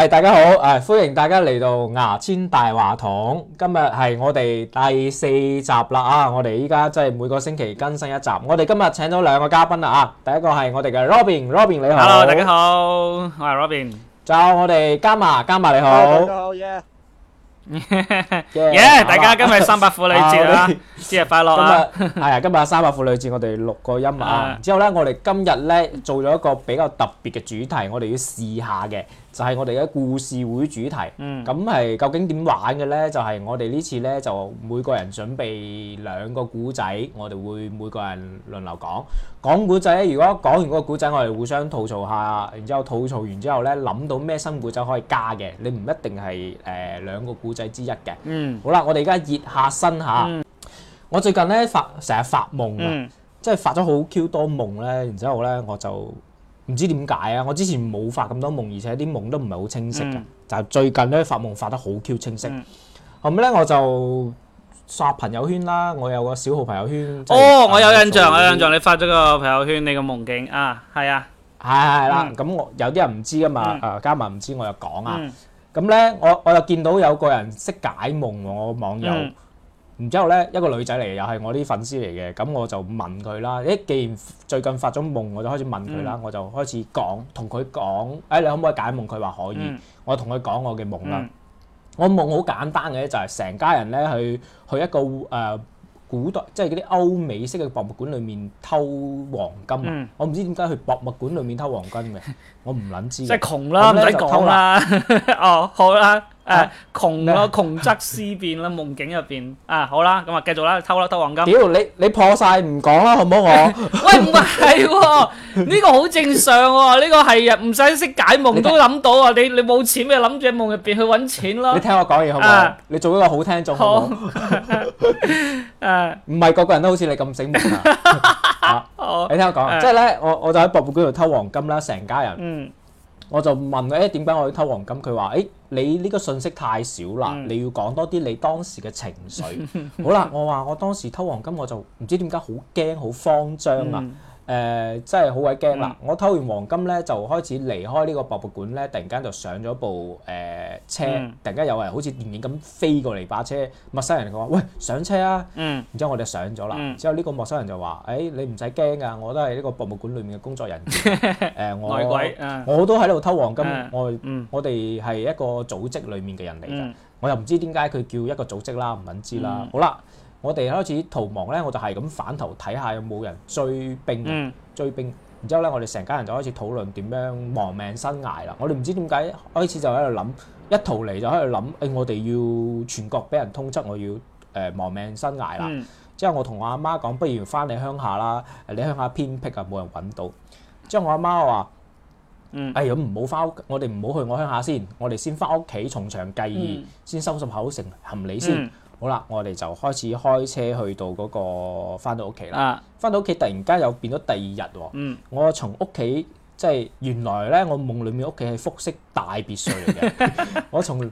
係大家好，誒，歡迎大家嚟到牙籤大話筒。今日係我哋第四集啦，啊，我哋依家即係每個星期更新一集。我哋今日請咗兩個嘉賓啦，啊，第一個係我哋嘅 Robin，Robin 你好。Hello，大家好。我係 Robin。就我哋 Gamma，Gamma 你好。大家好，yeah。Yeah，大家今日三八婦女節啦，節日快樂啊！係啊，今日三八婦女節，我哋錄個音啊。之後咧，我哋今日咧做咗一個比較特別嘅主題，我哋要試下嘅。就係我哋嘅故事會主題，咁係、嗯、究竟點玩嘅咧？就係、是、我哋呢次咧，就每個人準備兩個古仔，我哋會每個人輪流講講古仔。如果講完嗰個古仔，我哋互相吐槽下，然之後吐槽完之後咧，諗到咩新古仔可以加嘅，你唔一定係誒兩個古仔之一嘅。嗯，好啦，我哋而家熱下身嚇。嗯、我最近咧發成日發夢啊，嗯、即係發咗好 Q 多夢咧，然之後咧我，我就。唔知點解啊！我之前冇發咁多夢，而且啲夢都唔係好清晰嘅。就最近咧，發夢發得好 Q 清晰。後尾咧，我就刷朋友圈啦。我有個小號朋友圈。哦，我有印象，我有印象你發咗個朋友圈，你個夢境啊，係啊，係係啦。咁我有啲人唔知㗎嘛。誒，加埋唔知我又講啊。咁咧，我我又見到有個人識解夢喎，我網友。然之後咧，一個女仔嚟嘅，又係我啲粉絲嚟嘅，咁我就問佢啦。誒，既然最近發咗夢，我就開始問佢啦。我就開始講，同佢講，誒，你可唔可以解夢？佢話可以。我同佢講我嘅夢啦。我夢好簡單嘅，就係成家人咧去去一個誒古代，即係嗰啲歐美式嘅博物館裏面偷黃金啊！我唔知點解去博物館裏面偷黃金嘅，我唔撚知。即係窮啦，唔使講啦。哦，好啦。誒，窮咯、啊，窮則思變啦。夢境入邊，啊，好啦，咁啊，繼續啦，偷啦偷黃金。屌、欸，你你破晒唔講啦，好唔好我？ 喂唔係喎，呢、哦這個好正常喎、哦，呢、這個係啊，唔使識解夢都諗到啊。你你冇錢，咪諗住夢入邊去搵錢咯。你聽我講嘢好唔好？啊、你做一個好聽眾好唔好？誒好，唔係個個人都好似你咁醒目啊！ 好你聽我講，即係咧，我我就喺博物館度偷黃金啦，成家人、嗯。我就問佢：，誒點解我要偷黃金？佢話：，誒、哎、你呢個信息太少啦，你要講多啲你當時嘅情緒。好啦，我話我當時偷黃金，我就唔知點解好驚、好慌張啊！誒、呃，真係好鬼驚、嗯、啦！我偷完黃金咧，就開始離開呢個博物館咧。突然間就上咗部誒、呃、車，嗯、突然間有人好似電影咁飛過嚟，把車陌生人嚟講：，喂，上車啊！嗯，然之後我哋上咗啦。之、嗯、後呢個陌生人就話：，誒、哎，你唔使驚㗎，我都係呢個博物館裡面嘅工作人員。誒、嗯呃，我外鬼、uh, 我都喺度偷黃金。我我哋係一個組織裡面嘅人嚟㗎。嗯嗯、我又唔知點解佢叫一個組織啦，唔肯知啦。嗯嗯、好啦。我哋開始逃亡咧，我就係咁反頭睇下有冇人追兵，追兵。然之後咧，我哋成家人就開始討論點樣亡命生涯啦。我哋唔知點解開始就喺度諗，一逃離就喺度諗，誒我哋要全國俾人通緝，我要誒亡命生涯啦。之後我同我阿媽講，不如翻你鄉下啦，你鄉下偏僻啊，冇人揾到。之後我阿媽話：，嗯，哎呀唔好翻屋，我哋唔好去我鄉下先，我哋先翻屋企從長計議，先收拾好成行李先。好啦，我哋就開始開車去到嗰個返到屋企啦。返、啊、到屋企突然間又變咗第二日喎、嗯。我從屋企即係原來咧， 我夢裡面屋企係復式大別墅嚟嘅。我從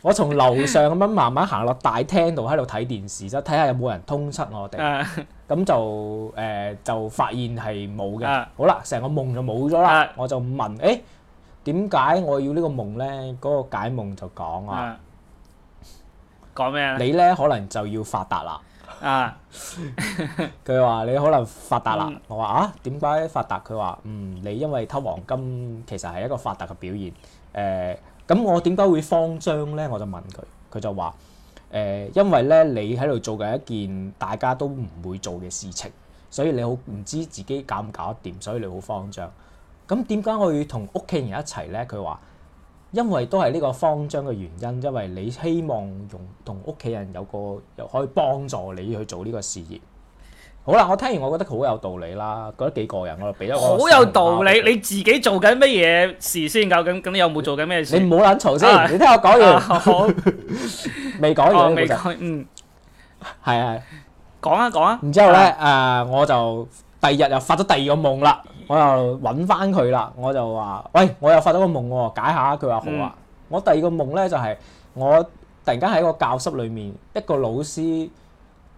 我從樓上咁樣慢慢行落大廳度，喺度睇電視，就睇下有冇人通緝我哋。咁、啊、就誒、呃、就發現係冇嘅。啊、好啦，成個夢就冇咗啦。啊、我就問：誒點解我要個夢呢個夢咧？嗰、那個解夢就講啊。講咩咧？你咧可能就要發達啦。啊，佢話你可能發達啦。嗯、我話啊，點解發達？佢話嗯，你因為偷黃金，其實係一個發達嘅表現。誒、呃，咁我點解會慌張咧？我就問佢，佢就話誒、呃，因為咧你喺度做緊一件大家都唔會做嘅事情，所以你好唔知自己搞唔搞得掂，所以你好慌張。咁點解我要同屋企人一齊咧？佢話。因為都係呢個慌張嘅原因，因為你希望用同屋企人有個又可以幫助你去做呢個事業。好啦，我聽完我覺得佢好有道理啦，覺得幾個人，我俾得好有道理。你自己做緊咩嘢事先？究竟咁你有冇做緊咩事？你唔好諗嘈先，你聽我講完。未講完未講，嗯，係啊，講啊講啊。然之後咧，誒，我就第二日又發咗第二個夢啦。我又揾翻佢啦，我就話：，喂，我又發咗個夢喎、哦，解下。佢話好啊。嗯、我第二個夢咧就係、是、我突然間喺個教室裏面，一個老師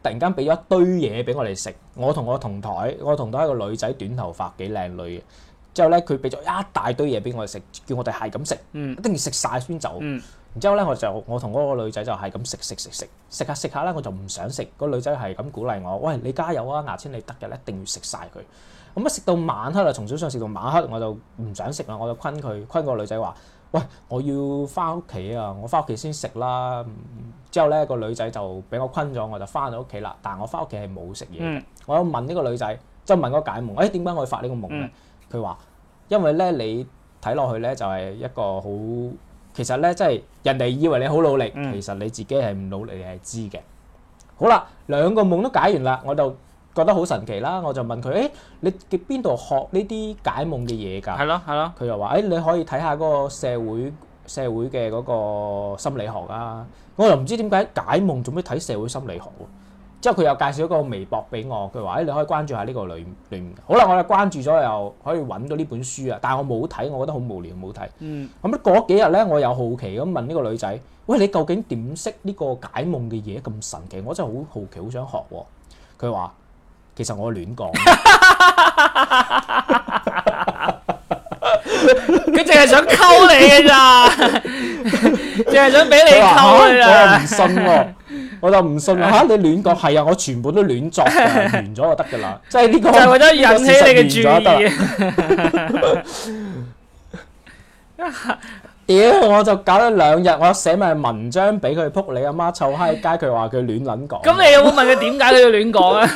突然間俾咗一堆嘢俾我哋食。我同我同台，我，我同台一個女仔，短頭髮，幾靚女嘅。之後咧，佢俾咗一大堆嘢俾我哋食，叫我哋係咁食，嗯嗯，一定要食晒先走。嗯、然之後咧，我就我同嗰個女仔就係咁食食食食食下食下咧，我就唔想食。個女仔係咁鼓勵我：，喂，你加油啊！牙籤你得嘅，一定要食晒佢。咁啊食到晚黑啦，從早上食到晚黑，我就唔想食啦，我就困佢，困個女仔話：，喂，我要翻屋企啊，我翻屋企先食啦、嗯。之後咧、個女仔就俾我困咗，我就翻到屋企啦。但係我翻屋企係冇食嘢我、嗯、我問呢個女仔，就問嗰個解夢：，誒點解我要發呢個夢咧？佢話、嗯：因為咧你睇落去咧就係、是、一個好，其實咧即係人哋以為你好努力，嗯、其實你自己係唔努力你係知嘅。好啦，兩個夢都解完啦，我就。覺得好神奇啦，我就問佢：，誒、欸，你喺邊度學呢啲解夢嘅嘢㗎？係咯，係咯。佢又話：，誒、欸，你可以睇下嗰個社會社會嘅嗰個心理學啊。我又唔知點解解夢做咩睇社會心理學喎。之後佢又介紹一個微博俾我，佢話：，誒、欸，你可以關注下呢個女女。好啦，我又關注咗，又可以揾到呢本書啊。但係我冇睇，我覺得好無聊，冇睇。嗯。咁啊，過幾日咧，我又好奇咁問呢個女仔：，喂，你究竟點識呢個解夢嘅嘢咁神奇？我真係好好奇，好想學喎、啊。佢話。其實我亂講，佢淨係想溝你嘅咋，淨係想俾你溝佢啦。我就唔信咯，我就唔信吓、啊！你亂講係啊，我全部都亂作，完咗就得噶啦。即係呢個就係為咗引起你嘅注意。 我就搞咗兩日，我寫埋文章俾佢，扑你阿媽臭閪街，佢話佢亂撚講。咁你有冇問佢點解佢要亂講啊？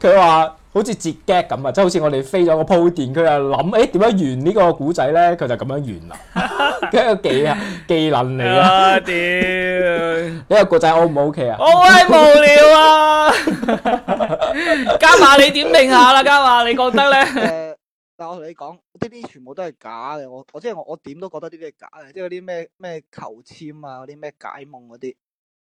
佢話好似結局咁啊，即係好似我哋飛咗個鋪墊，佢又諗誒點樣完呢個古仔咧？佢就咁樣完啦，佢係個技啊技能嚟噶。啊屌！呢個古仔 O 唔 O K 啊？好鬼無聊啊！加碼你點評下啦，加碼你覺得咧？但我同你講，呢啲全部都係假嘅。我我即係我我點都覺得啲嘢假嘅，即係嗰啲咩咩求籤啊，嗰啲咩解夢嗰啲。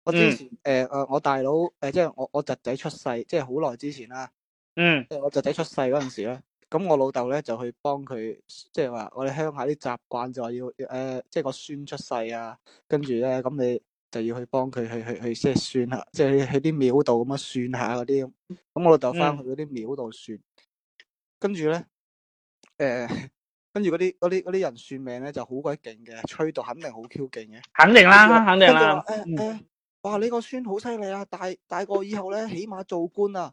我之前誒誒、嗯呃，我大佬誒、呃，即係我我侄仔出世，即係好耐之前啦。嗯。我侄仔出世嗰陣時咧，咁我老豆咧就去幫佢，即係話我哋鄉下啲習慣就話要誒、呃，即係個孫出世啊，跟住咧咁你就要去幫佢去去去即係算下，即係去啲廟度咁樣算下嗰啲。咁我老豆翻去嗰啲廟度算，嗯、跟住咧。誒，跟住嗰啲啲啲人算命咧，就好鬼勁嘅，吹到肯定好 Q 勁嘅，肯定啦，肯定啦。誒誒、哎哎，哇！你個孫好犀利啊，大大個以後咧，起碼做官啊，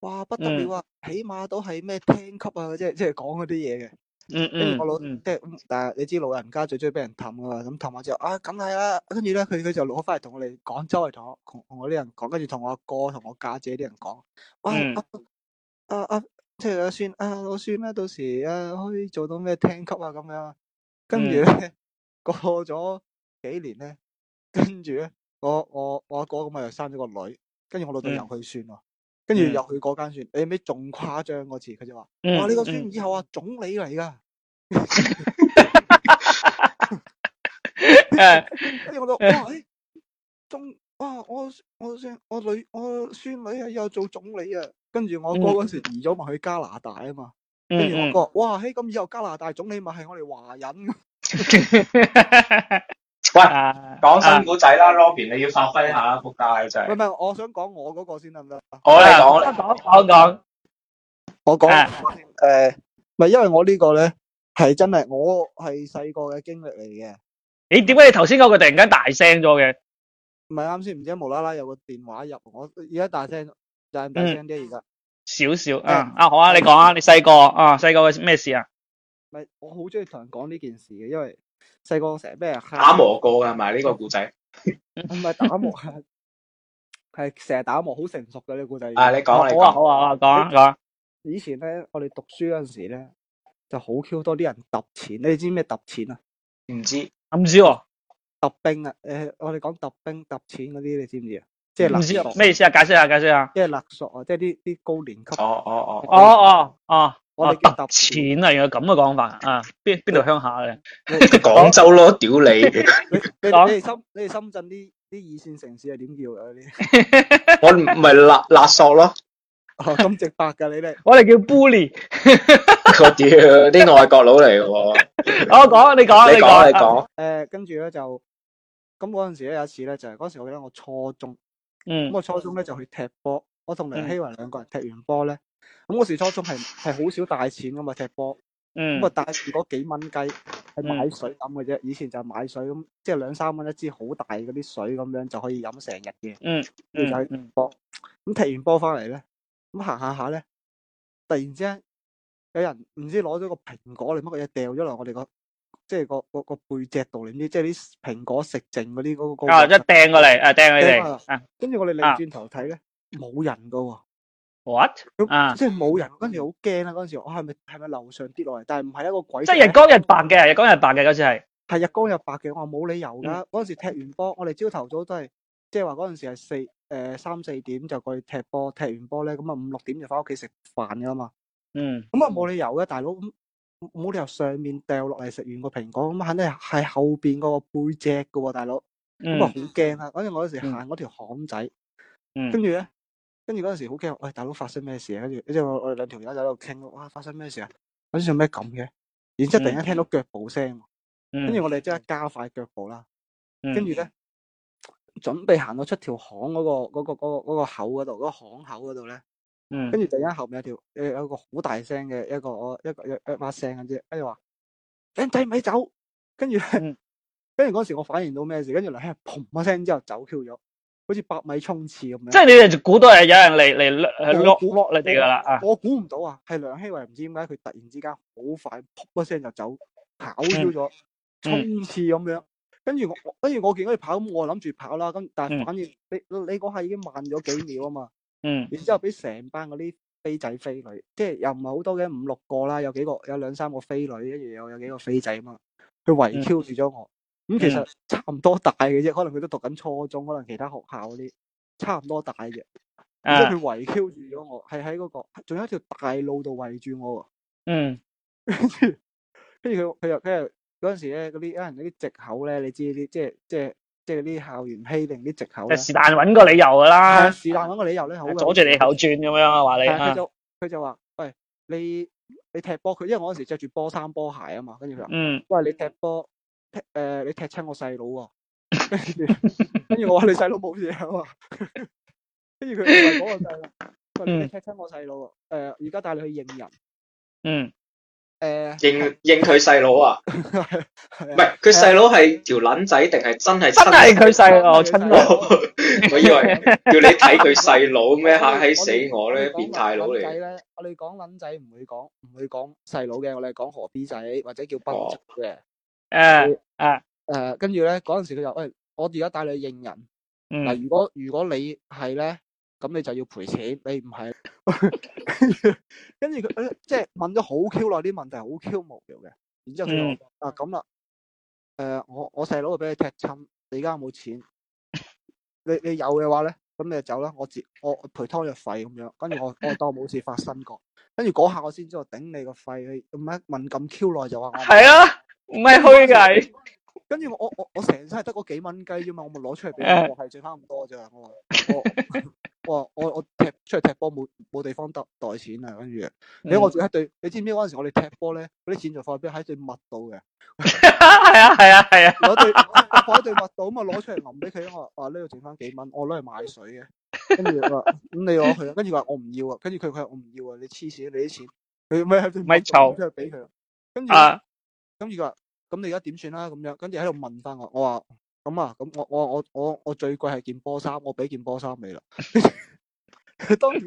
哇不得了啊，嗯、起碼都係咩廳級啊，即係即係講嗰啲嘢嘅。嗯嗯。我老即係，但係你知老人家最中意俾人氹啊嘛？咁氹完之後，啊，梗係啦。跟住咧，佢佢就攞翻嚟同我哋廣州嘅同學，同我啲人講，跟住同我阿哥同我家姐啲人講，哇，啊啊。啊啊啊啊啊啊啊即係阿孫啊，我孫啦，到時啊可以做到咩廳級啊咁樣，跟住咧、嗯、過咗幾年咧，跟住咧我我我阿哥咁啊又生咗個女，跟住我老豆又去算喎，嗯、跟住又去嗰間算，你有咩仲誇張嗰次？佢就話：哇呢個孫以後啊總理嚟噶，誒 跟住我話：哇，誒、欸，仲……哇，我我我，我，我，我女我孫女啊又做總理啊！跟住我哥嗰時移咗咪去加拿大啊嘛，跟住我哥，哇嘿！咁、欸、以後加拿大總理咪係我哋華人？ 喂，講新古仔啦，Robin，你要發揮下仆街仔。唔係、就是，我想講我嗰個先得唔得？我嚟講，講講講，我講說，誒、啊，唔係，因為我呢個咧係真係，我係細個嘅經歷嚟嘅。你點解你頭先講佢突然間大聲咗嘅？唔係啱先，唔知冇啦啦有個電話入我，我而家大聲。大聲啲，而家少少啊啊，好啊，你講啊，你細個啊，細個咩事啊？唔係，我好中意同人講呢件事嘅，因為細個成日咩啊？打磨過噶係咪呢個故仔？唔係打磨，係成日打磨，好成熟嘅呢個故仔。啊，你講，你講，好啊，好啊，講。以前咧，我哋讀書嗰陣時咧，就好 Q 多啲人揼錢。你知咩揼錢啊？唔知，唔知喎。揼冰啊？誒，我哋講揼冰、揼錢嗰啲，你知唔知啊？即係咩意思啊？解釋下，解釋下。即係勒索啊！即係啲啲高年級。哦哦哦哦哦哦。我哋抌錢啊！原來咁嘅講法啊！邊邊度鄉下嘅？廣州咯，屌你！你你哋深你哋深圳啲啲二線城市係點叫啊？我唔係勒勒索咯。咁直白噶你哋。我哋叫 bully。屌，啲外國佬嚟嘅。我講，你講，你講。誒，跟住咧就咁嗰陣時咧有一次咧就係嗰時我記得我初中。嗯，咁我初中咧就去踢波，我同梁希云兩個人踢完波咧，咁嗰時初中係係好少帶錢噶嘛踢波，咁啊帶住嗰幾蚊雞係買水飲嘅啫，以前就買水咁，即係兩三蚊一支好大嗰啲水咁樣就可以飲成日嘅，嗯，就去踢波，咁、嗯嗯、踢完波翻嚟咧，咁行下下咧，突然之間有人唔知攞咗個蘋果定乜嘢掉咗落我哋個。即係個個個背脊度，你知即係啲蘋果食剩嗰啲嗰個。啊，即係掟過嚟，啊掟嚟掟。跟住我哋擰轉頭睇咧，冇人噶喎。What？即係冇人，跟住好驚啦。嗰陣時我係咪係咪樓上跌落嚟？但係唔係一個鬼，即係日光日白嘅，日光日白嘅嗰時係。係日光日白嘅，我話冇理由噶。嗰陣、嗯、時踢完波，我哋朝頭早都係即係話嗰陣時係四誒三四點就過去踢波，踢完波咧咁啊五六點就翻屋企食飯噶啦嘛。嗯。咁啊冇理由嘅，大佬。冇理由上面掉落嚟食完個蘋果，咁肯定係後邊嗰個背脊噶喎、哦，大佬咁啊好驚啦。反正、嗯、我嗰時行嗰條巷仔，跟住咧，跟住嗰陣時好驚，喂、哎，大佬發生咩事啊？跟住即係我我哋兩條友仔喺度傾，哇，發生咩事啊？好似做咩咁嘅？然之後突然聽到腳步聲，跟住、嗯、我哋即刻加快腳步啦，跟住咧準備行到出條巷嗰、嗰個、嗰個、嗰個、嗰個口嗰度，嗰、嗰個、巷口嗰度咧。嗯、跟住突然間後面有條，有有個好大聲嘅一個，一個一個一把聲嘅啫，跟住話，靚仔咪走，跟住，跟住嗰、嗯、時我反應到咩事？跟住梁希嘭一聲之後走 Q 咗，好似百米衝刺咁樣。即係你哋就估到係有人嚟嚟落碌你哋噶啦，我估唔到啊，係梁希，我唔知點解佢突然之間好快撲一聲就走跑 Q 咗，衝、嗯、刺咁樣。跟住我，跟住我見佢跑，我諗住跑啦。咁但係反而你你嗰下已經慢咗幾秒啊嘛。嗯，然之後俾成班嗰啲飛仔飛女，即係又唔係好多嘅，五六個啦，有幾個有兩三個飛女，跟住有有幾個飛仔啊嘛，佢圍 Q 住咗我。咁、嗯、其實差唔多大嘅啫，可能佢都讀緊初中，可能其他學校嗰啲差唔多大嘅，即係佢圍 Q 住咗我，係喺嗰個，仲有一條大路度圍住我。嗯，跟住跟住佢佢又跟住嗰陣時咧，嗰啲人哋啲借口咧，你知啲即係即係。即係啲校園欺凌啲藉口咧，是但揾個理由噶啦，是但揾個理由咧、啊、好由、啊，阻住你口轉咁樣啊話你，佢、啊、就佢就話喂你你踢波佢，因為我嗰時着住波衫波鞋啊嘛，跟住佢話，嗯，喂你踢波踢誒、呃、你踢親我細佬啊，跟住跟住我話你細佬冇嘢啊嘛，跟住佢就話嗰個細佬，佢、嗯、話你踢親我細佬、哦，誒而家帶你去認人，嗯。誒、uh,，認認佢細佬啊？唔係， 佢細佬係條撚仔定係真係親？真係佢細佬，親佬。我以為叫你睇佢細佬咩？嚇死 我咧！我變態佬嚟。我哋講撚仔唔會講，唔會講細佬嘅。我哋講何 B 仔或者叫賓仔嘅。誒誒誒，uh, uh. 跟住咧嗰陣時佢就喂，我而家帶你去認人。嗱、嗯，如果如果你係咧。咁你就要賠錢，你唔係，跟住佢，即係問咗好 Q 耐啲問題，好 Q 無聊嘅。然之後佢話啊，咁啦，誒我我細佬俾你踢親，你而家冇錢，你你有嘅話咧，咁你就走啦，我自我賠湯藥費咁樣，跟住我我當冇事發生過。跟住嗰下我先知道，頂你個肺，唔係問咁 Q 耐就話係啊，唔係虛偽。跟住我我我成身係得嗰幾蚊雞啫嘛，我咪攞出嚟俾，係剩翻咁多啫，我話。哇！我我踢出去踢波冇冇地方得袋錢啊！跟住，你我仲喺度，你知唔知嗰陣時我哋踢波咧嗰啲錢就放喺喺對襪度嘅，係啊係啊係啊！攞對、啊啊啊、 我放喺對襪度啊嘛，攞出嚟攬俾佢，我話啊呢度剩翻幾蚊，我攞嚟買水嘅，跟住佢話咁你攞去啊，跟住話我唔要，我要吵啊，跟住佢佢話我唔要啊，你黐線你啲錢，佢咩係咪錯？出去俾佢，跟住啊，跟住佢話咁你而家點算啦？咁樣，跟住喺度問翻我，我話。咁啊，咁我我我我我最貴係件波衫，我俾件波衫你啦。當時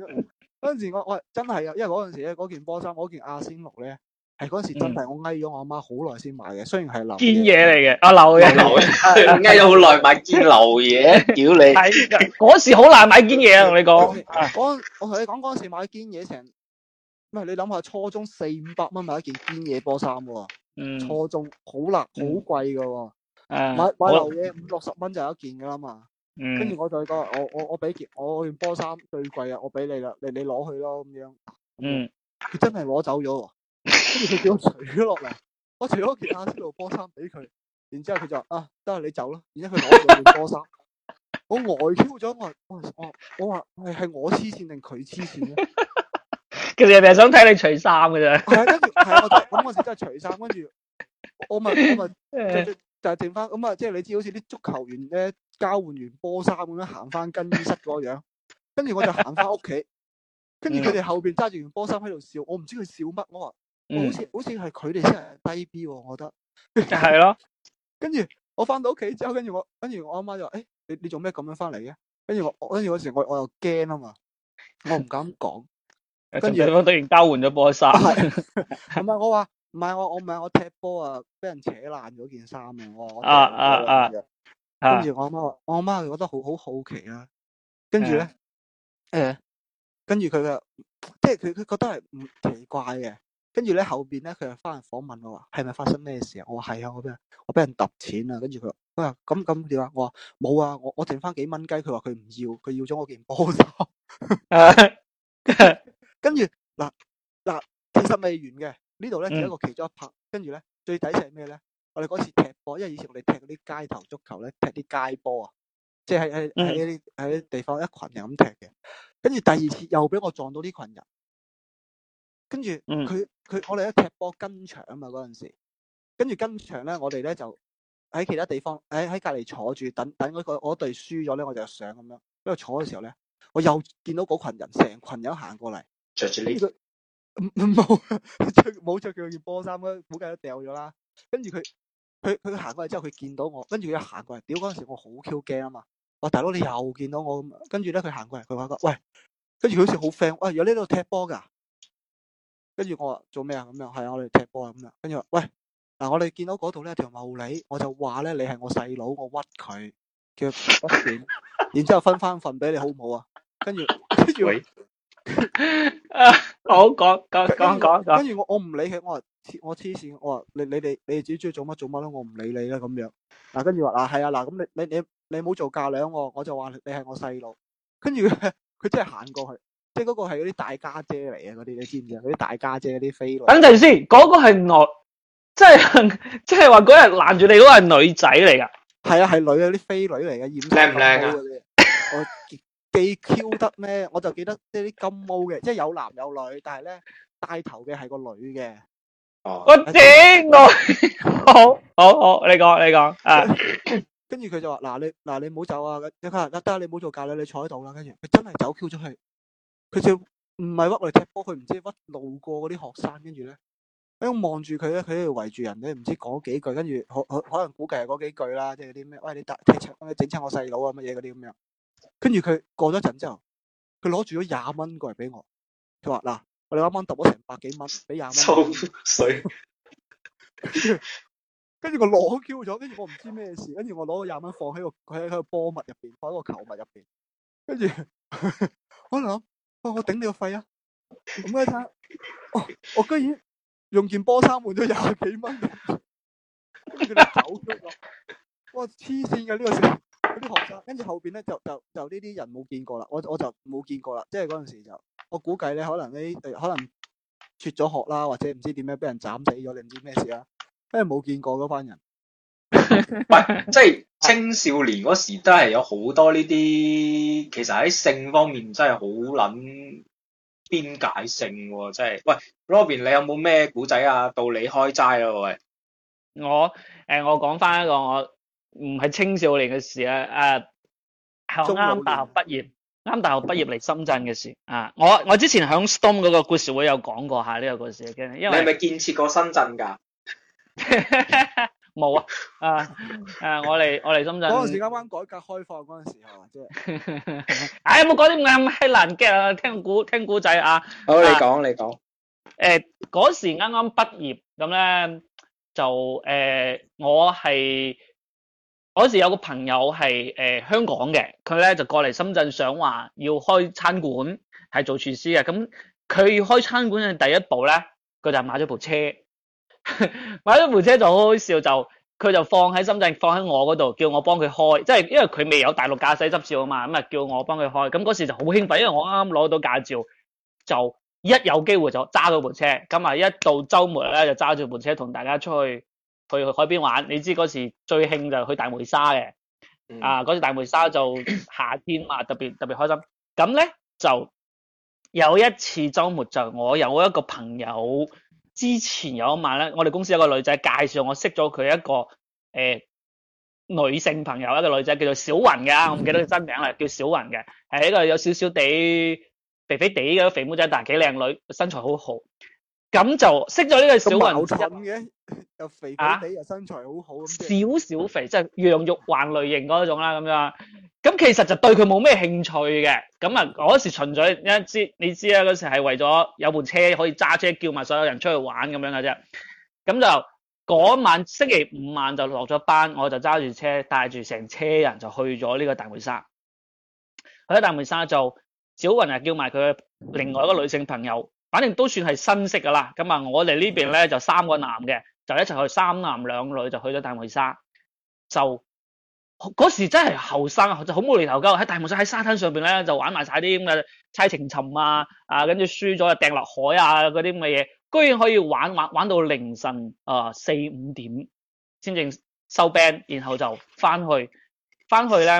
嗰陣時我我真係啊，因為嗰陣時咧嗰件波衫，嗰件阿仙奴咧係嗰時真係我嗌咗我阿媽好耐先買嘅。雖然係流堅嘢嚟嘅，阿流嘢，流嘢，嗌咗好耐買堅流嘢，屌你下！嗰時好難買堅嘢啊！同你講，嗰我同你講嗰時買堅嘢成，唔係你諗下，初中四五百蚊買一件堅嘢波衫喎，初中好辣，好貴噶喎。嗯、買買流嘢五六十蚊就有一件噶啦嘛，跟住、嗯、我再講，我我我俾件我件波衫最貴啊，我俾你啦，你你攞去咯咁樣。嗯，佢、嗯、真係攞走咗，跟住佢叫我除咗落嚟，我除咗其他啲度波衫俾佢，然之後佢就啊，得啦你走啦，然之後佢攞住件波衫， 我呆挑咗我話我我話係我黐線定佢黐線咧？ 其實就係想睇你除衫噶咋，跟住係啊，咁我時真係除衫，跟住我問我問。就係剩翻咁啊！即係你知，好似啲足球員咧交換完波衫咁樣行翻更衣室嗰個樣，跟住我就行翻屋企，跟住佢哋後邊揸住完波衫喺度笑，我唔知佢笑乜。我話：我好似、嗯、好似係佢哋先係低 B，我覺得係咯 的。跟住我翻到屋企之後，跟住我跟住我阿媽就話：誒、哎，你你做咩咁樣翻嚟嘅？跟住我跟住嗰時我我，我又驚啊嘛，我唔敢講。跟住對方突然交換咗波衫，係咪我話？.唔係我，我，我唔係、like 啊啊啊啊啊、我踢波啊，俾、啊 yeah. 啊、人扯爛咗件衫啊。我。啊啊啊！跟住我阿媽，我阿媽就覺得好好好奇啦。跟住咧，誒，跟住佢嘅，即係佢佢覺得係唔奇怪嘅。跟住咧後邊咧，佢又翻嚟訪問我話係咪發生咩事啊？我話係啊，我咩？我俾人揼錢啊！跟住佢，佢話咁咁點啊？我話冇啊，我我剩翻幾蚊雞。佢話佢唔要，佢要咗我件波衫。跟住嗱嗱，其實未完嘅。呢度咧就一個其中一拍。跟住咧最抵死係咩咧？我哋嗰次踢波，因為以前我哋踢嗰啲街頭足球咧，踢啲街波啊，即係喺喺喺地方一群人咁踢嘅。跟住第二次又俾我撞到呢群人，跟住佢佢我哋一踢波跟場啊嘛嗰陣時，跟住跟場咧我哋咧就喺其他地方喺喺隔籬坐住等等嗰、嗰個我隊輸咗咧我就上咁樣，喺度坐嘅時候咧我又見到嗰群人成群人行過嚟。冇，冇着佢件波衫，咁估計都掉咗啦。跟住佢，佢佢行過嚟之後，佢見到我，跟住佢又行過嚟。屌嗰陣時我好 Q 驚啊嘛！我大佬你又見到我咁，跟住咧佢行過嚟，佢話喂，跟住佢好似好 friend。喂，有呢度踢波噶？跟住、哎、我話做咩啊？咁樣係啊，我哋踢波啊咁樣。跟住話喂，嗱我哋見到嗰度咧條茂利，我就話咧你係我細佬，我屈佢叫屈短，然之後分翻份俾你好唔好啊？跟住跟住。 啊，講講講跟住我我唔理佢，我我黐線，我話你你哋你哋自己中意做乜做乜咯，我唔理你啦咁樣。嗱，跟住話嗱係啊，嗱咁、啊啊、你你你你冇做嫁娘，我就話你係我細路。跟住佢真係行過去，即係嗰個係嗰啲大家姐嚟嘅嗰啲，你知唔知啊？嗰啲大家姐啲飛女。等陣先，嗰、嗰個係我，即係即係話嗰日攔住你嗰、嗰個係女仔嚟噶，係啊，係女啊啲飛女嚟嘅。靚唔靚啊？幾 Q 得咩？我就記得即係啲金毛嘅，即係有男有女，但係咧帶頭嘅係個女嘅。哦，我整我、嗯啊、好好好，你講你講、uh、 啊。跟住佢就話嗱你嗱你唔好走啊！一佢話得，你唔好做教女，你坐喺度啦。跟住佢真係走 Q 出去，佢就唔係屈我哋踢波，佢唔知屈路過嗰啲學生，跟住咧喺度望住佢咧，佢喺度圍住人咧，唔知講幾句，跟住可能估計係嗰幾句啦，即係啲咩喂你踢踢親，整親我細佬啊乜嘢嗰啲咁樣。跟住佢過咗一陣之後，佢攞住咗廿蚊過嚟俾我。佢話嗱，我哋啱啱揼咗成百幾蚊，俾廿蚊。臭水。跟住 我攞 Q 咗，跟住我唔知咩事，跟住我攞咗廿蚊放喺個佢喺個波物入邊，放喺個球物入邊。跟住 我諗，哇！我頂你個肺啊！咁嘅睇我我居然用件波衫換咗廿幾蚊，跟住佢走咗。哇！黐綫嘅呢個成。嗰啲學生，跟住後邊咧就就就呢啲人冇見過啦，我我就冇見過啦，即係嗰陣時就我估計咧，可能你可能脫咗學啦，或者唔知點樣俾人斬死咗，你唔知咩事啦，因為冇見過嗰班人。喂， 即係青少年嗰時都係有好多呢啲，其實喺性方面真係好撚邊界性喎，即係喂 Robin，你有冇咩古仔啊？到你開齋啦，喂！我誒、呃、我講翻一個我。唔係青少年嘅事啊，啊，啱大學畢業，啱大學畢業嚟深圳嘅事啊！我我之前響 Stone 嗰個故事會有講過下呢個故事嘅。因為你係咪建設過深圳㗎？冇 啊！啊啊！我嚟我嚟深圳嗰陣 時啱啱改革開放嗰陣時係嘛？即係， 哎，冇講啲咁閪難嘅、啊，聽古聽古仔啊！好，你講、啊、你講說。誒、欸，嗰時啱啱畢業咁咧，就誒、呃，我係。嗰時有個朋友係誒、呃、香港嘅，佢咧就過嚟深圳想話要開餐館，係做廚師嘅。咁佢要開餐館嘅第一步咧，佢就買咗部車， 買咗部車就好好笑，就佢就放喺深圳，放喺我嗰度，叫我幫佢開。即、就、係、是、因為佢未有大陸駕駛執照啊嘛，咁啊叫我幫佢開。咁嗰時就好興奮，因為我啱啱攞到駕照，就一有機會就揸到部車。咁啊，一到周末咧就揸住部車同大家出去。去去海邊玩，你知嗰時最興就去大梅沙嘅。嗯、啊嗰次大梅沙就夏天嘛，特別特別開心。咁咧就有一次周末就我有一個朋友，之前有一晚咧，我哋公司有個女仔介紹我識咗佢一個誒、呃、女性朋友，一個女仔叫做小云㗎，我唔記得佢真名啦，叫小云嘅，係一個有少少地肥肥地嘅肥妹仔，但係幾靚女，身材好好。咁就識咗呢個小云，好慘嘅，又肥肥地又、啊、身材好好少少肥，即係楊玉環類型嗰種啦咁樣。咁其實就對佢冇咩興趣嘅。咁啊，嗰時純粹一知你知啊，嗰時係為咗有部車可以揸車，叫埋所有人出去玩咁樣嘅啫。咁就嗰晚星期五晚就落咗班，我就揸住車帶住成車人就去咗呢個大梅沙。去咗大梅沙就小云啊，叫埋佢另外一個女性朋友。反正都算係新式噶啦，咁啊，我哋呢邊咧就三個男嘅，就一齊去三男兩女就去咗大梅沙，就嗰時真係後生啊，就好冇厘頭㗎。喺大梅沙喺沙灘上邊咧就玩埋晒啲咁嘅猜情尋啊，啊跟住輸咗就掟落海啊嗰啲咁嘅嘢，居然可以玩玩玩到凌晨啊四五點先正收 band，然後就翻去翻去咧，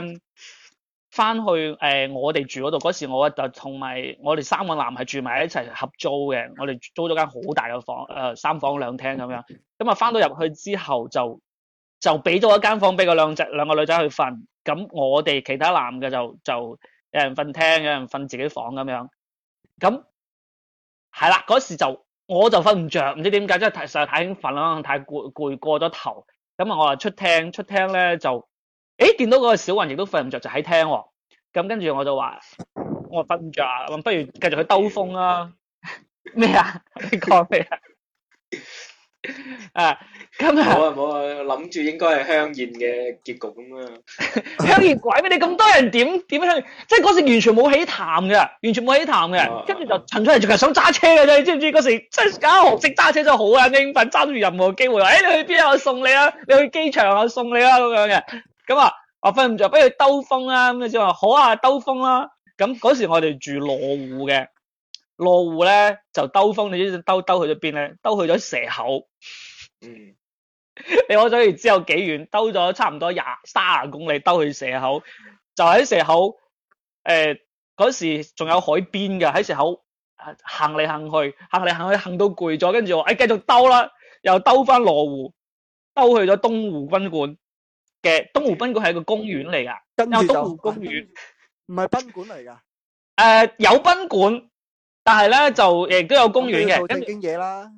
翻去誒、呃，我哋住嗰度嗰時，我就同埋我哋三個男係住埋一齊合租嘅。我哋租咗間好大嘅房，誒、呃、三房兩廳咁樣。咁啊翻到入去之後，就就俾咗一間房俾個兩隻兩個女仔去瞓。咁、嗯、我哋其他男嘅就就有人瞓廳，有人瞓自己房咁樣。咁係啦，嗰時就我就瞓唔着，唔知點解，即係太實在太醒瞓啦，太攰攰過咗頭。咁、嗯、啊，我就出廳出廳咧就。誒、欸，見到嗰個小雲亦都瞓唔着，就喺廳咁，跟住我就話我瞓唔着啊，咁不如繼續去兜風啦。咩啊？ 你講咩啊？ 啊，今日好啊好啊，諗住應該係香艷嘅結局咁啦。香艷鬼咩？你咁多人點點香艷？即係嗰時完全冇起痰嘅，完全冇起痰嘅。跟住就陳出嚟，仲係想揸車嘅啫，知唔知嗰時真係搞學識揸車就係好有興奮，揸住任何機會。誒、欸，你去邊啊？我送你啊！你去機場我送你啊，咁樣嘅。咁啊，我瞓唔着，不如兜風啦。咁你先話好啊，兜風啦。咁嗰時我哋住羅湖嘅，羅湖咧就兜風。你知唔知兜兜去咗邊咧？兜去咗蛇口。嗯，你可想而知有幾遠？兜咗差唔多廿卅公里，兜去蛇口。就喺蛇口，誒、呃，嗰時仲有海邊嘅喺蛇口行嚟行去，行嚟行去行到攰咗，跟住我誒繼續兜啦，又兜翻羅湖，兜去咗東湖賓館。嘅東湖賓館係一個公園嚟噶，跟住就有東湖公園唔係賓館嚟噶。誒、 呃，有賓館，但係咧就誒都有公園嘅。做正經嘢啦，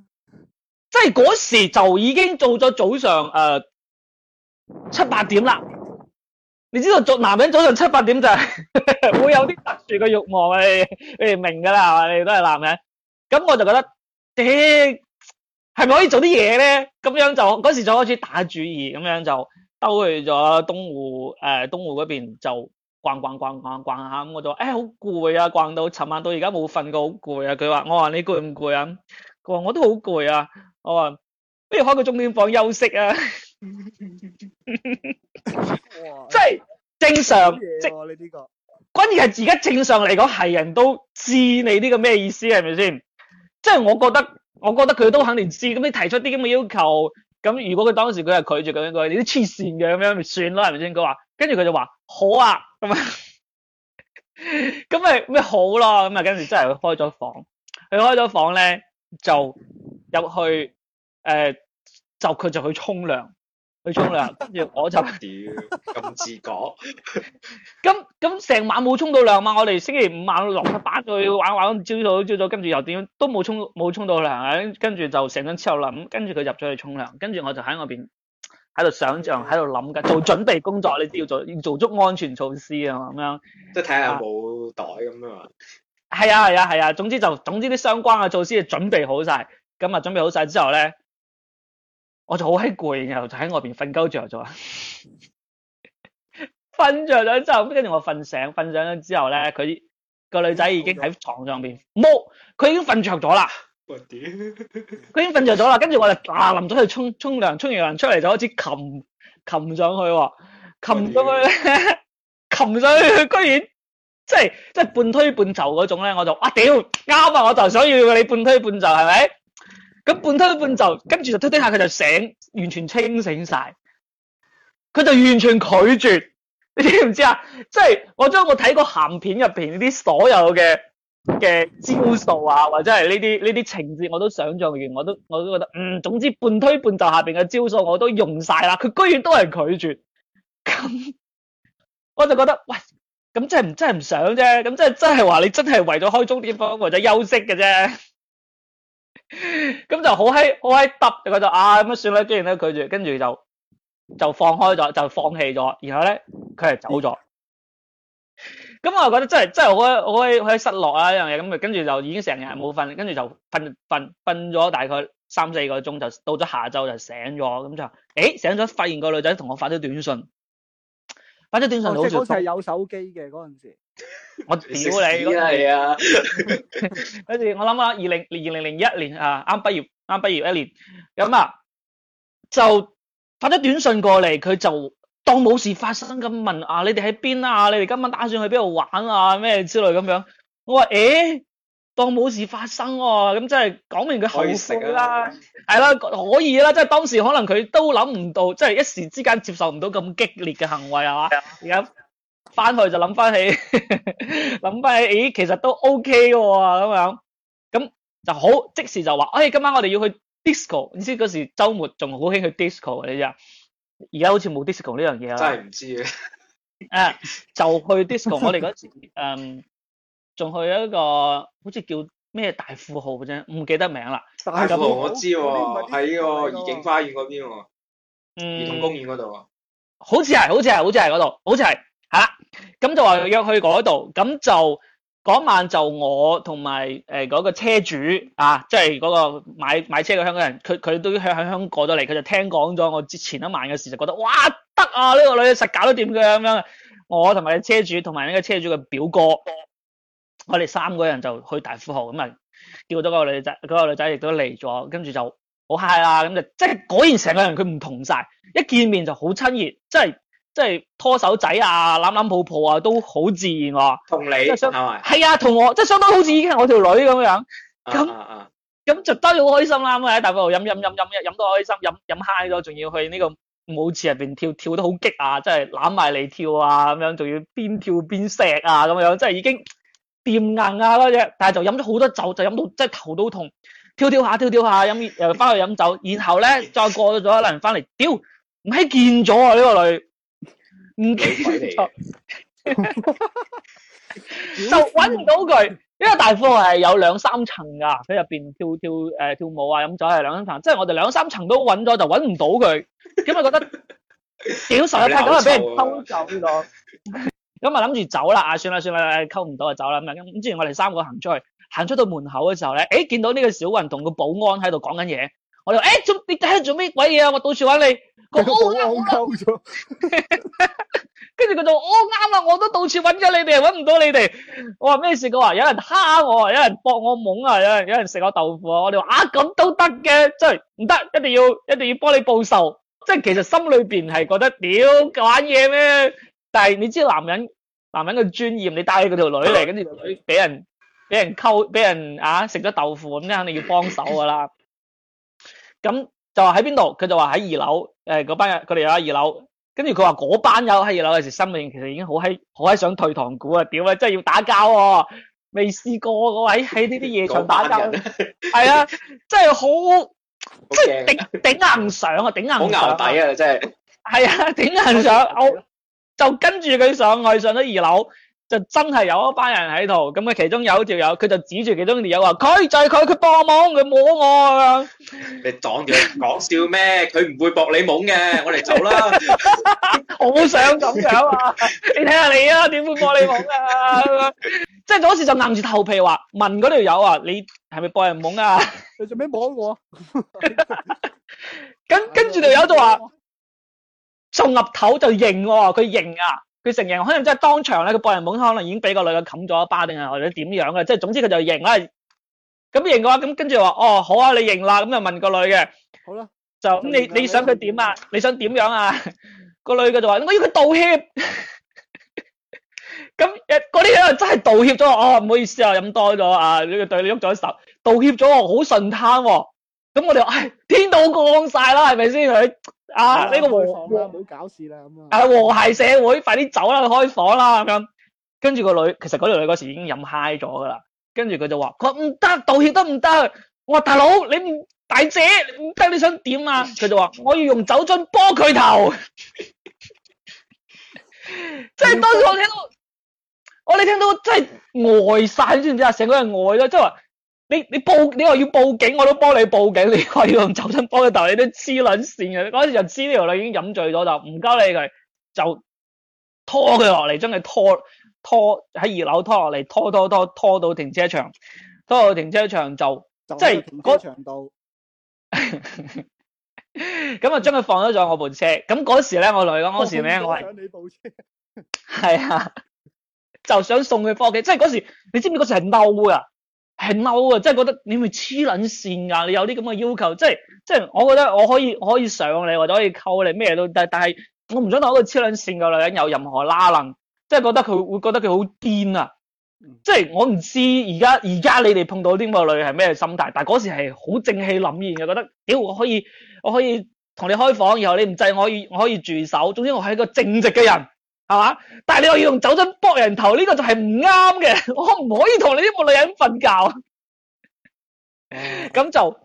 即係嗰時就已經做咗早上誒、呃、七八點啦。你知道做男人早上七八點就係 會有啲特殊嘅欲望， 你誒明噶啦，係咪你都係男人？咁我就覺得，誒係咪可以做啲嘢咧？咁樣就嗰時就開始打主意，咁樣就。兜去咗東湖，誒、呃，東湖嗰邊就逛逛逛逛逛下，咁我就誒好攰啊，逛到尋晚到而家冇瞓過，好攰啊。佢話我話你攰唔攰啊？佢話我都好攰啊。我話不如開個鐘點房休息啊。 哇 即係正常，即係你呢、這個關鍵係自己正常嚟講，係人都知你呢個咩意思，係咪先？即係我覺得，我覺得佢都肯定知，咁你提出啲咁嘅要求。咁如果佢當時佢係拒絕咁樣佢，你啲黐線嘅咁樣咪算啦，係咪先？佢話，跟住佢就話好啊，咁啊，咁咪咩好啦，咁啊，跟住真係去開咗房，佢開咗房咧就入去，誒、呃，就佢就去沖涼，去沖涼，跟住我就，屌咁 自覺，咁。 咁成晚冇沖到涼嘛？我哋星期五晚落咗班去玩玩，朝早朝早跟住又點樣都冇沖冇沖到涼，跟住就成晚之後啦。跟住佢入咗去沖涼，跟住我就喺外邊喺度想象，喺度諗緊做準備工作，你都要做，要做足安全措施啊咁樣。即係睇下有冇袋咁樣啊？係啊係啊係啊，啊，總之就總之啲相關嘅措施就準備好晒，咁啊準備好晒之後咧，我就好閪攰，然後就喺外邊瞓鳩着咗。 瞓着咗之後，跟住我瞓醒，瞓醒咗之後咧，佢個女仔已經喺床上邊，冇，佢已經瞓着咗啦。佢已經瞓着咗啦。跟住我就啊，淋咗去沖沖涼，沖完涼出嚟就開始擒擒上去，擒上去，擒上去，居然即係即係半推半就嗰種咧，我就我屌啱啊！我就想要你半推半就，係咪？咁半推半就，跟住就推推下佢就醒，完全清醒晒，佢就完全拒絕。你知唔知啊？即係我將我睇過鹹片入邊呢啲所有嘅嘅招數啊，或者係呢啲呢啲情節，我都想象完，我都我都覺得嗯，總之半推半就下邊嘅招數我都用晒啦。佢居然都係拒絕，咁我就覺得喂，咁真係唔真係唔想啫。咁真真係話你真係為咗開鐘點房或者休息嘅啫。咁 就好嗨好嗨耷就講就啊咁樣算啦，居然都拒絕，跟住就就放開咗，就放棄咗。然後咧。佢係走咗，咁我又覺得真係真係好好好失落啊！一樣嘢咁，跟住就已經成日冇瞓，跟住就瞓瞓瞓咗大概三四個鐘，就到咗下晝就醒咗，咁就誒、欸、醒咗發現個女仔同我發咗短信，發咗短信好似、哦、係有手機嘅嗰陣時，我屌你，係、 那個、 20啊！跟住我諗下：「二零二零零一年啊，啱畢業啱畢業一年，咁啊就發咗短信過嚟，佢就。當冇事發生咁問啊，你哋喺邊啊？你哋今晚打算去邊度玩啊？咩之類咁樣？我話誒，當冇事發生喎，咁即係講明佢後悔啦，係啦，可以啦，即係當時可能佢都諗唔到，即係一時之間接受唔到咁激烈嘅行為係嘛？而家翻去就諗翻起，諗 翻起，咦，其實都 OK 嘅喎咁樣，咁就好即時就話，誒，今晚我哋要去 disco，你知嗰時周末仲好興去 disco 嘅，你知而家好似冇 disco 呢樣嘢啊！真係唔知啊！啊，就去 disco，我哋嗰時誒，仲去一個好似叫咩大富豪嘅啫，唔記得名啦。大富豪我知喎，喺個怡景花園嗰邊，兒童公園嗰度。好似係，好似係，好似係嗰度，好似係，係啦。咁就話約去嗰度，咁就。嗰晚就我同埋誒嗰個車主啊，即係嗰個買買車嘅香港人，佢佢都喺喺香港過咗嚟，佢就聽講咗我之前一晚嘅事，就覺得哇得啊！呢個女仔實搞到掂佢咁樣。我同埋嘅車主同埋呢個車主嘅表哥，我哋三個人就去大富豪咁啊，叫咗個女仔，嗰個女仔亦都嚟咗，跟住就好嗨啦咁就，即係果然成個人佢唔同晒，一見面就好親熱，即係。即係拖手仔啊，攬攬抱抱啊，都好自然喎。同你係啊，同我即係相當好似已經係我條女咁樣。咁咁就真係好開心啦！喺大埔度飲飲飲飲飲到開心，飲飲嗨咗，仲要去呢個舞池入邊跳跳得好激啊！即係攬埋嚟跳啊咁樣，仲要邊跳邊錫啊咁樣，即係已經掂硬啊嗰隻。但係就飲咗好多酒，就飲到即係頭都痛，跳跳下跳跳下，飲又翻去飲酒，然後咧再過咗一輪翻嚟，屌唔係見咗啊呢個女！唔錯， 就搵唔到佢，因為大富豪係有兩三層噶，佢入邊跳跳誒、呃、跳舞啊，飲酒係兩層，即係我哋兩三層都搵咗，就搵唔到佢，咁咪覺得屌十一太咁又俾人偷走咗。咁啊諗住走啦，啊算啦算啦，溝唔到就走啦咁啊咁。之前我哋三個行出去，行出到門口嘅時候咧，誒見到呢個小雲同個保安喺度講緊嘢，我哋誒、欸、做你喺度做咩鬼嘢啊？我到處搵你，個保安溝咗。 跟住佢就哦啱啦，我都到處揾咗你哋，揾唔到你哋。我話咩事？我話有人蝦我，有人搏我懵啊，有人有人食我豆腐我啊。我哋話啊咁都得嘅，即係唔得，一定要一定要幫你報仇。即係其實心裏邊係覺得屌玩嘢咩？但係你知男人男人嘅尊嚴，你帶起佢條女嚟，跟住女俾人俾人溝，俾人啊食咗豆腐咁，你肯定要幫手噶啦。咁就話喺邊度？佢就話喺二樓。誒、呃，嗰班人佢哋又喺二樓。呃跟住佢話嗰班友喺二樓嗰時，心裏其實已經好喺好喺想退堂鼓啊！屌、哦、 啊，真係要打交喎，未試過我喺喺呢啲夜場打交，係啊，真係好，即係頂頂硬上啊，頂硬、啊、上，好牛底啊，真係，係啊，頂硬、啊、 上，我就跟住佢上去，我上咗二樓。就真係有一班人喺度，咁佢其中有一條友，佢就指住其中條友話：佢就佢，佢博懵，佢摸我啊！你擋住講笑咩？佢唔會博你懵嘅，我哋走啦！好想咁樣啊！你睇下你啊，點會博你懵啊？即係嗰時就硬住頭皮話問嗰條友啊：你係咪博人懵啊？你做咩摸我？咁跟住條友就話：仲岌頭就認喎，佢認啊！佢承認可能即係當場咧，佢博人懵，可能已經俾個女嘅冚咗一巴，定係或者點樣嘅，即係總之佢就認啦。咁認嘅話，咁跟住話哦，好啊，你認啦，咁就問個女嘅。好啦，就咁你你想佢點啊？你想點樣啊？ 個女嘅就話：我要佢道歉。咁誒，嗰啲人真係道歉咗。哦，唔好意思啊，飲多咗啊，呢個對你喐咗手，道歉咗，好順攤。咁我哋話唉、哎，天都降晒啦，係咪先佢？啊！呢個和啦，唔好搞事啦咁啊！啊，和諧社會，快啲走啦，開火啦咁。跟住個女，其實嗰條女嗰時已經飲嗨咗噶啦。跟住佢就話：佢唔得，道歉都唔得？我話大佬，你唔，大姐，唔得你想點啊？佢就話：我要用酒樽波佢頭。即係當時我聽到，我哋聽到，真係呆晒，你知唔知啊？成個人呆咗，即係話。你你報你話要報警，我都幫你報警。你話要用酒樽幫佢，但係你都黐撚線嘅。嗰時就黐呢條女已經飲醉咗就唔交你佢，就拖佢落嚟，將佢拖拖喺二樓拖落嚟，拖拖拖拖，拖，拖，拖，拖到停車場，拖到停車場就，就車場即係嗰場度。咁啊，將佢 放咗在我部車。咁嗰時咧，我同你講嗰時咧，我係想你部車，係啊，就想送佢返屋企。即係嗰時，你知唔知嗰 時係嬲噶？係嬲啊，即係覺得你會黐捻線噶，你有啲咁嘅要求，即係即係我覺得我可以我可以上你或者可以扣你咩都，但但係我唔想同一個黐捻線嘅女人有任何拉楞，即係覺得佢會覺得佢好癲啊！即係我唔知而家而家你哋碰到啲咁嘅女係咩心態，但係嗰時係好正氣凜然，然後覺得屌、欸、我可以我可以同你開房，然後你唔制，我可以我可以住手，總之我係一個正直嘅人。係嘛？但係你又要用酒樽搏人頭呢，這個就係唔啱嘅。 我唔可以同你啲個女人瞓覺？咁 那就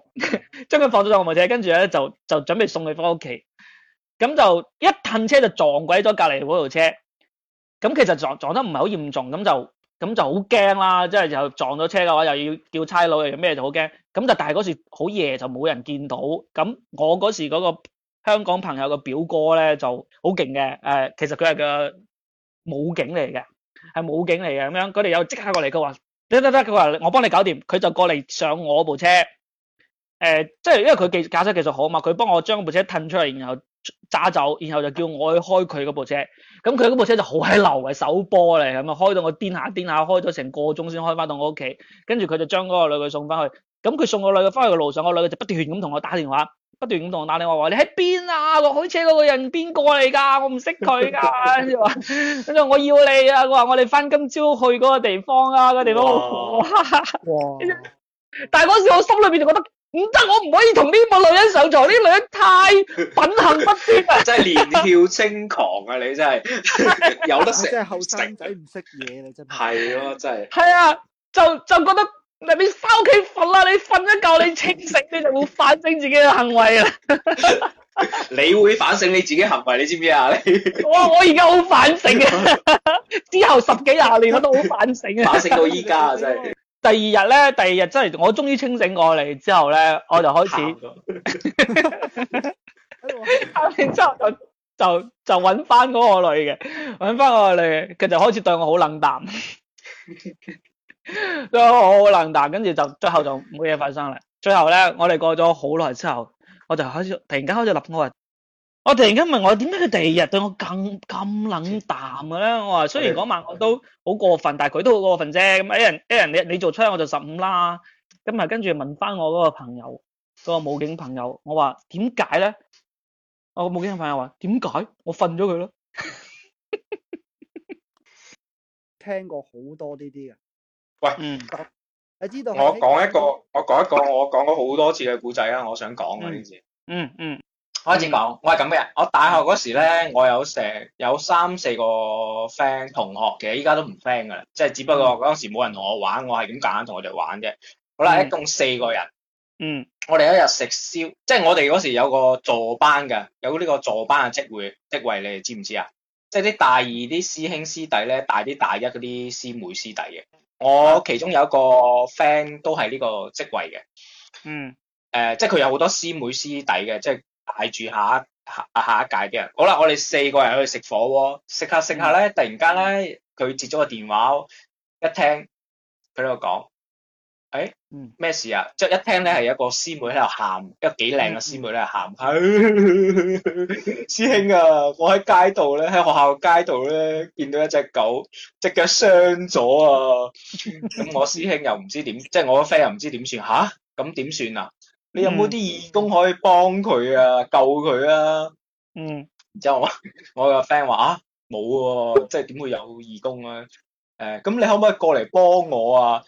將佢 放咗上摩托車，跟住咧就就準備送佢翻屋企。咁就一褪車就撞鬼咗隔籬嗰條車。咁其實撞撞得唔係好嚴重，咁就咁就好驚啦。即、就、係、是、又撞咗車嘅話，又要叫差佬，又要咩就好驚。咁就但係嗰時好夜就冇人見到。咁我嗰時嗰、那個。香港朋友嘅表哥咧就好勁嘅，誒、呃，其實佢係個武警嚟嘅，係武警嚟嘅，咁樣佢哋有即刻過嚟，佢話得得得，佢話我幫你搞掂，佢就過嚟上我，車、呃、我部車，誒，即係因為佢技駕駛技術好嘛，佢幫我將部車褪出嚟，然後揸走，然後就叫我去開佢嗰部車，咁佢嗰部車就好喺流嘅手波嚟，咁啊開，我癲下癲下開，開到我癲下癲下，開咗成個鐘先開翻到我屋企，跟住佢就將嗰個女嘅送翻去，咁佢送個女嘅翻去嘅路上路，個女嘅就不斷咁同我打電話。不斷咁同我打電話，話你喺邊啊？落好車嗰個人邊個嚟噶？我唔、哦、識佢噶。跟住話，跟住我要你啊，我話我哋翻今朝去嗰個地方啊，個地方哇哇。但係嗰時我心裏邊就覺得唔得，我唔可以同呢個女人上床，呢女人太品行不端啊。真係年少輕狂啊，你真係有得食，真係後生仔唔識嘢你真係，係真係，係啊，就就覺得。 你返屋企瞓啦，你瞓咗覺，你清醒你就會反省自己嘅行為啦。 你會反省你自己行為，你知唔知啊？我我而家好反省啊！ 之後十幾廿年我都好反省啊！ 反省到依家啊，真係。第二日咧，第二日真係我終於清醒過嚟之後咧，我就開始。 之後就就就揾翻嗰個女嘅，揾翻個女，佢就開始對我好冷淡。 好冷淡，跟住就最後就冇嘢發生啦。最後咧，我哋過咗好耐之後，我就開始突然間開始諗我話，我突然間問我點解佢第二日對我咁咁冷淡嘅咧？我話雖然嗰晚我都好過分，但係佢都好過分啫。咁一人一人你你做出我就十五啦。咁啊，跟住問翻我嗰個朋友，個武警朋友，我話點解咧？我個武警朋友話點解？我瞓咗佢咯。 聽過好多呢啲嘅。喂，嗯，我知道。我講一個，我講一個，我講咗好多次嘅故仔啦。我想講啊呢件事，嗯嗯，我開始講。我係咁嘅。我大學嗰時咧，我有成有三四個 friend 同學嘅，其實依家都唔 friend 噶啦。即係只不過嗰時冇人同我玩，我係點揀同我哋玩啫？好啦，嗯、一共四個人。嗯，我哋一日食宵，即係我哋嗰時有個助班嘅，有呢個助班嘅職位，職位你哋知唔知啊？即係啲大二啲師兄師弟咧，大啲大一嗰啲師妹師弟嘅。我其中有一個 friend 都係呢個職位嘅，嗯，誒、呃，即係佢有好多師妹師弟嘅，即係帶住下下下一屆嘅人。好啦，我哋四個人去食火鍋，哦，食下食下咧，嗯、突然間咧佢接咗個電話，一聽佢喺度講。誒，嗯、哎，咩事啊？即係一聽咧，係一個師妹喺度喊，一個幾靚嘅師妹咧，度喊、嗯哎。師兄啊，我喺街度咧，喺學校街度咧，見到一隻狗隻腳傷咗啊！咁我師兄又唔知點， 即係我個 friend 又唔知點算吓？咁、啊、點算啊？你有冇啲義工可以幫佢啊？救佢啊？嗯，然之後我我個 friend 話啊，冇喎、啊，即係點會有義工啊？誒、啊，咁你可唔可以過嚟幫我啊？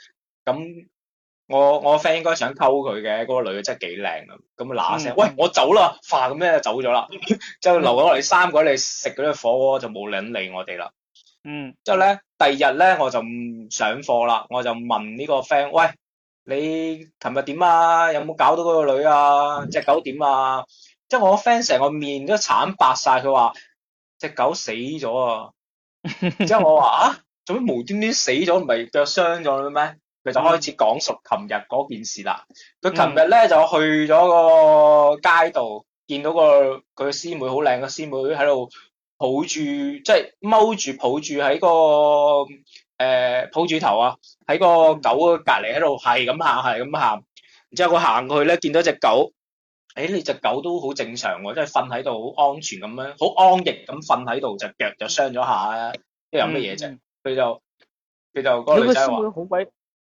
咁。我我 friend 應該想溝佢嘅，嗰、嗰個女真係幾靚啊！咁嗱聲，嗯、喂，我走啦，化咁咩就走咗啦。之 後留咗我哋三個嚟食嗰啲火鍋，就冇人理我哋啦。嗯，之後咧，第二日咧，我就唔上課啦，我就問呢個 friend，喂，你琴日點啊？有冇搞到嗰個女啊？隻狗點啊？即、就、係、是、我 friend 成個面都慘白晒，佢話隻狗死咗啊！ 之後我話啊，做咩無端端死咗？唔係腳傷咗咩？佢就開始講述琴日嗰件事啦。佢琴日咧就去咗個街度，見到個佢師妹好靚嘅師妹喺度抱住，即係踎住抱住喺個誒抱住頭啊，喺個狗嘅隔籬喺度係咁喊，係咁喊。然之後佢行過去咧，見到隻狗，誒、哎、你隻狗都好正常喎，即係瞓喺度好安全咁樣，好安逸咁瞓喺度，隻腳就傷咗下，即係有乜嘢啫？佢、嗯、就佢就個女仔話。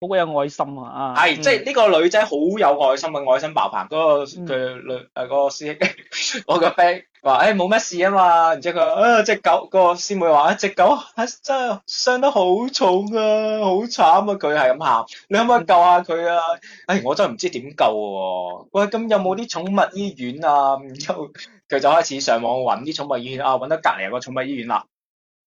好鬼有愛心啊！係是，嗯、即係呢個女仔好有愛心啊。愛心爆棚、那個。嗰個佢女誒，嗰、那個師兄， 我個 friend 話：，誒、欸，冇咩事啊嘛。然之後佢話：，啊，隻、那個、狗，嗰、那個師妹話：，隻、啊那個、狗真係傷得好重啊，好慘啊！佢係咁喊，你可唔可以救下佢啊？誒、嗯哎，我真係唔知點救喎、啊。喂，咁有冇啲寵物醫院啊？然後佢就開始上網搵啲寵物醫院啊，搵到隔籬有個寵物醫院啦，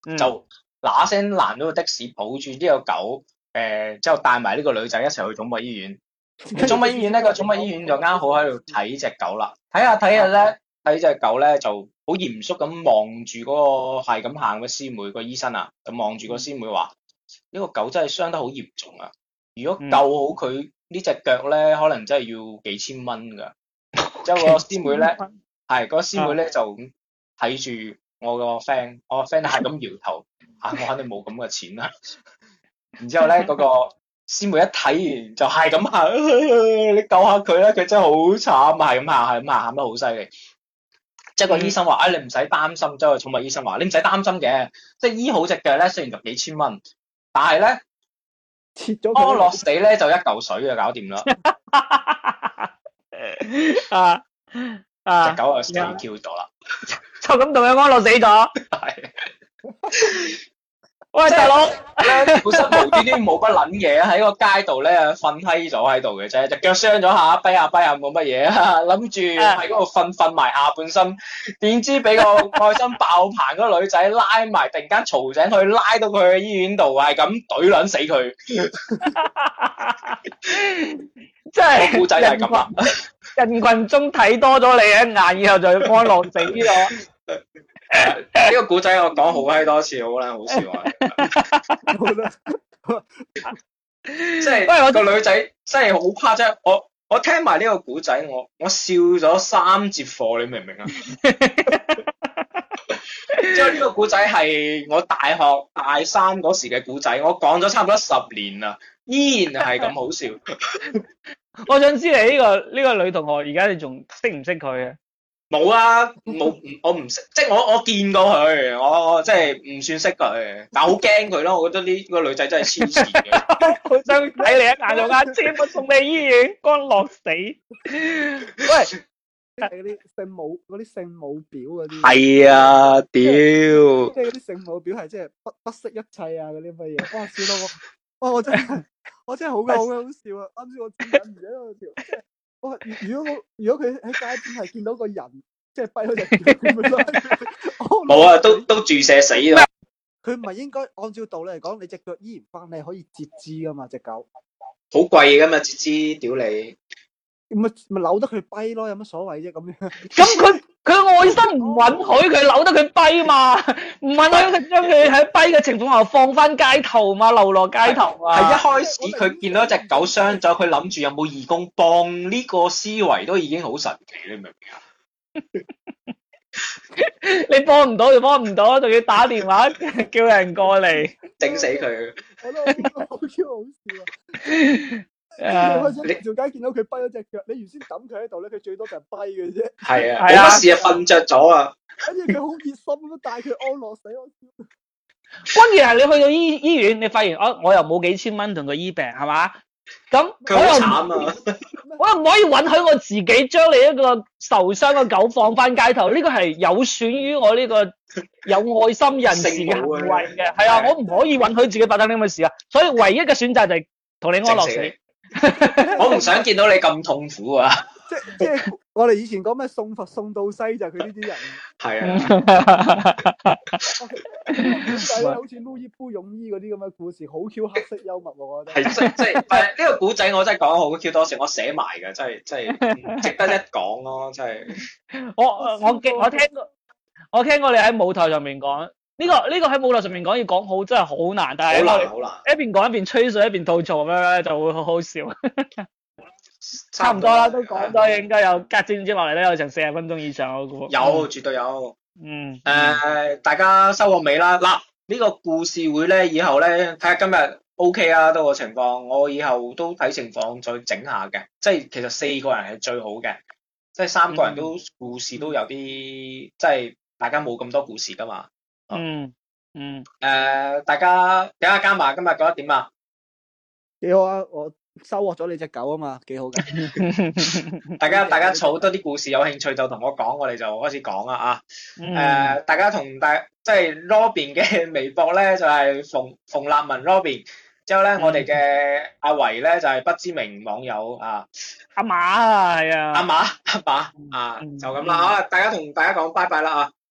嗯、就嗱一聲攔咗個的士，抱住呢個狗。誒、呃，之後帶埋呢個女仔一齊去寵物醫院。寵物 醫院，呢個寵物醫院就啱好喺度睇隻狗啦。睇下睇下咧，睇隻 狗咧就好嚴肅咁望住嗰個係咁行嘅師妹個醫生啊，就望住個師妹話：呢、嗯呢個狗真係傷得好嚴重啊！如果救好佢呢隻腳咧，可能真係要幾千蚊噶。之 後個師妹咧，係、 個師妹咧就睇住我個 friend， 我個 friend 係咁搖頭吓，我肯定冇咁嘅錢啦。 然之後咧，嗰個師妹一睇完就係咁喊：「哎，你救下佢啦，佢真係好慘啊！」係咁啊，係咁啊，喊得好犀利。嗯、即係個醫生話，誒、哎，你唔使擔心。即係個寵物醫生話，你唔使擔心嘅，即係醫好隻腳咧。雖然就幾千蚊，但係咧，切安樂死咧就一嚿水搞就搞掂啦、啊。啊啊！隻狗就死咗啦，就咁同佢安樂死咗。喂，大佬，本身無端端冇乜卵嘢，喺個街度咧瞓低咗喺度嘅啫，隻腳傷咗下，跛下跛下冇乜嘢，諗住喺嗰度瞓瞓埋下半身，點知俾個愛心爆棚嗰女仔拉埋，突然間嘈醒佢，拉到佢去醫院度，係咁懟卵死佢，即係個古仔就係咁啊！人群中睇多咗你一眼，以後就要安樂死咯。 呢 個古仔我講好嗨多次，好啦 是，好笑。即係個女仔真係好誇張，我我聽埋呢個古仔，我我笑咗三節課，你明唔明啊？之後呢個古仔係我大學大三嗰時嘅古仔，我講咗差唔多十年啦，依然係咁好笑。 我想知你呢個呢個女同學而家你仲識唔識佢啊？.冇啊，冇，我唔識，即係我我見過佢，我即係唔算識佢，但係好驚佢咯。我覺得呢、嗰個女仔真係黐線嘅，好 想睇你一、啊、眼就啱、啊，千我送你去醫院，干落死。喂，即係嗰啲聖母嗰啲聖母表嗰啲。係啊，屌、就是！即係嗰啲聖母表係即係不不惜一切啊嗰啲乜嘢。哇，笑到我，哇，我真係是我真係好嘅好笑啊。啱先是我剪緊而家嗰條。如果如果佢喺街邊係見到個人，即係跛咗隻腳，冇啊， 都都注射死咗。佢唔係應該按照道理嚟講，你隻腳依然跛，你可以截肢噶 嘛？隻狗好貴噶嘛？截肢屌你，唔係唔係扭得佢跛咯？有乜所謂啫？咁樣咁佢。佢愛心唔允許佢扭得佢跛嘛，唔允許佢將佢喺跛嘅情況下放翻街頭嘛，流落街頭啊！係一開始佢見到一隻狗傷咗，佢諗住有冇義工幫呢個思維都已經好神奇，你明唔明啊？ 你幫唔到就幫唔到，仲要打電話叫人過嚟，整 死佢他。好 好誒你，你條街見到佢跛咗隻腳，你原先抌佢喺度咧，佢最多就係跛嘅啫。係啊，係啊，試下瞓着咗啊。跟住佢好熱心咯，帶佢安樂死我。 關鍵係你去到醫醫院，你發現我我又冇幾千蚊同佢醫病，係嘛？咁佢好慘啊我！我又唔可以允許我自己將你一個受傷嘅狗放翻街頭，呢個係有損於我呢個有愛心人士嘅行為嘅。係啊，啊，我唔可以允許自己發生呢咁嘅事啊。所以唯一嘅選擇就係同你安樂死是。 我唔想見到你咁痛苦啊 即！即即我哋以前講咩送佛送到西就係佢呢啲人係啊好，好似擼衣鋪泳衣啲咁嘅故事好 Q 黑色幽默、啊。我覺得係即即，呢個古仔我真係講好 Q 多時我寫埋㗎，真係真係值得一講咯、啊，真係 。我我我我,我聽過，我聽過你喺舞台上面講。呢、這個呢、這個喺舞台上面講要講好真係好難，但係一邊講一邊吹水一邊吐槽咁樣咧，就會好好笑。呵呵差唔多啦，都講咗，嗯、應該有隔尖尖落嚟咧，有成四十分鐘以上有，絕對有。嗯，誒、嗯呃，大家收個尾啦。嗱，呢個故事會咧，以後咧睇下今日 O K 啊，到個情況，我以後都睇情況再整下嘅。即係其實四個人係最好嘅，即係三個人都故事都有啲，即係大家冇咁多故事噶嘛。嗯嗯，誒、嗯呃，大家大下加埋今日覺得點啊？幾好啊！我收穫咗你隻狗啊嘛，幾好嘅。 大家好大家儲多啲故事，嗯、有興趣就同我講，我哋就開始講啦啊！誒，大家同大即係 Robin 嘅微博咧，就係馮馮立文 Robin。之後咧，我哋嘅阿維咧就係不知名網友啊。阿瑪係啊，阿瑪阿瑪啊，就咁啦。好啦，大家同大家講拜拜啦啊！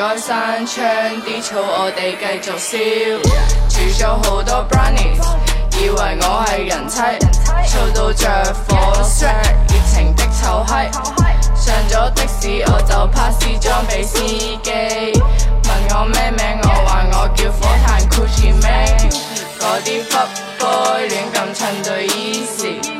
唔該閂窗，啲草我哋繼續燒。煮咗好多 brownies，以為我係人妻，燥到着火。熱情的臭閪，上咗的士我就拍西裝俾司機。問我咩名，我話我叫火炭 Coochie Man。嗰啲 fuck boy 亂咁襯對 e a